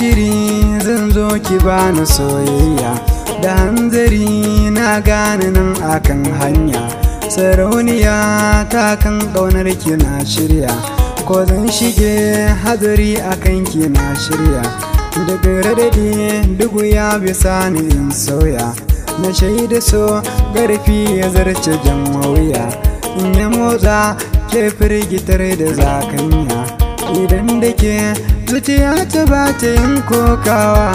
shiri zan zo ki bani soyayya da hanzari na gane nan akan hanya sarauniya ta kan ƙaunar ki na shirya ko zan shige hadari akan ki na shirya daga radadi dugu ya bisa ni in soya na shaida so garfi ya zarce jan mawuya in ya motsa ke firgitar da zakanya idan da ke zuciya ta ba ta yin kokawa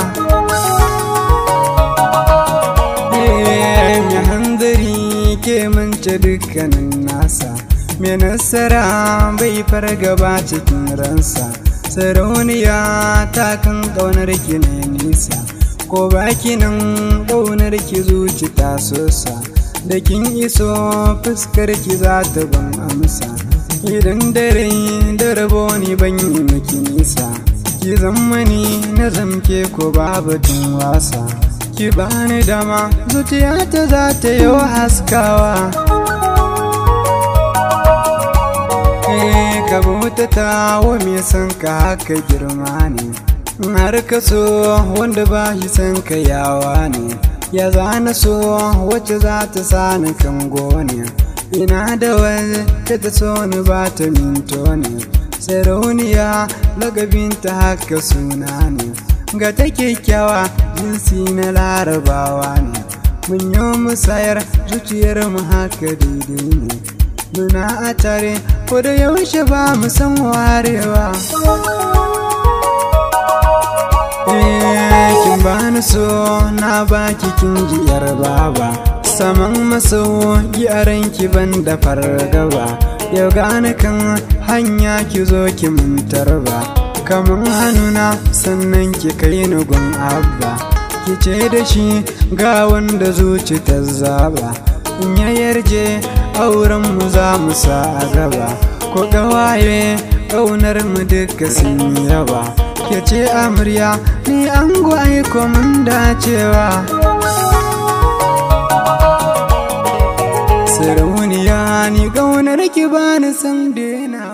ya eh, hanzari ke mance dukkanin nasa mai nasara bai fargaba cikin ransa sarauniya ta kan ƙaunar ki nisa ko baki nan ƙaunar ki zuci ta sosa da kin iso fuskar ki za ta ban amsa idan dare da ni ban yi miki nisa ki zammani na zamke ko babu tun wasa ki bani dama zuciya ta za ta yi haskawa eh, ka bauta ta wa mai san ka haka girma ne har ka so wanda ba shi san ka yawa ne ya zana so wacce za ta sani kan goniya ina da wani ta ta so ba ta minto ne sarauniya lagabinta haka suna ne ga ta kyakkyawa jinsi na larabawa ne mun yi musayar zuciyar mu haka daidai ne muna a tare ko da yaushe ba mu san warewa eh, kin bani so na baki kin yar baba saman maso gyaran ki ban da fargaba yau gane kan hanya ki zo ki muntar ba kamar hannuna sannan ki kai ni abba ki ce da shi ga wanda zuci ta zaba in ya yarje auren mu za mu sa a gaba ko gawaye ƙaunar mu duka sun yaba ya ce amurya ni an gwaye dacewa nake bani san daina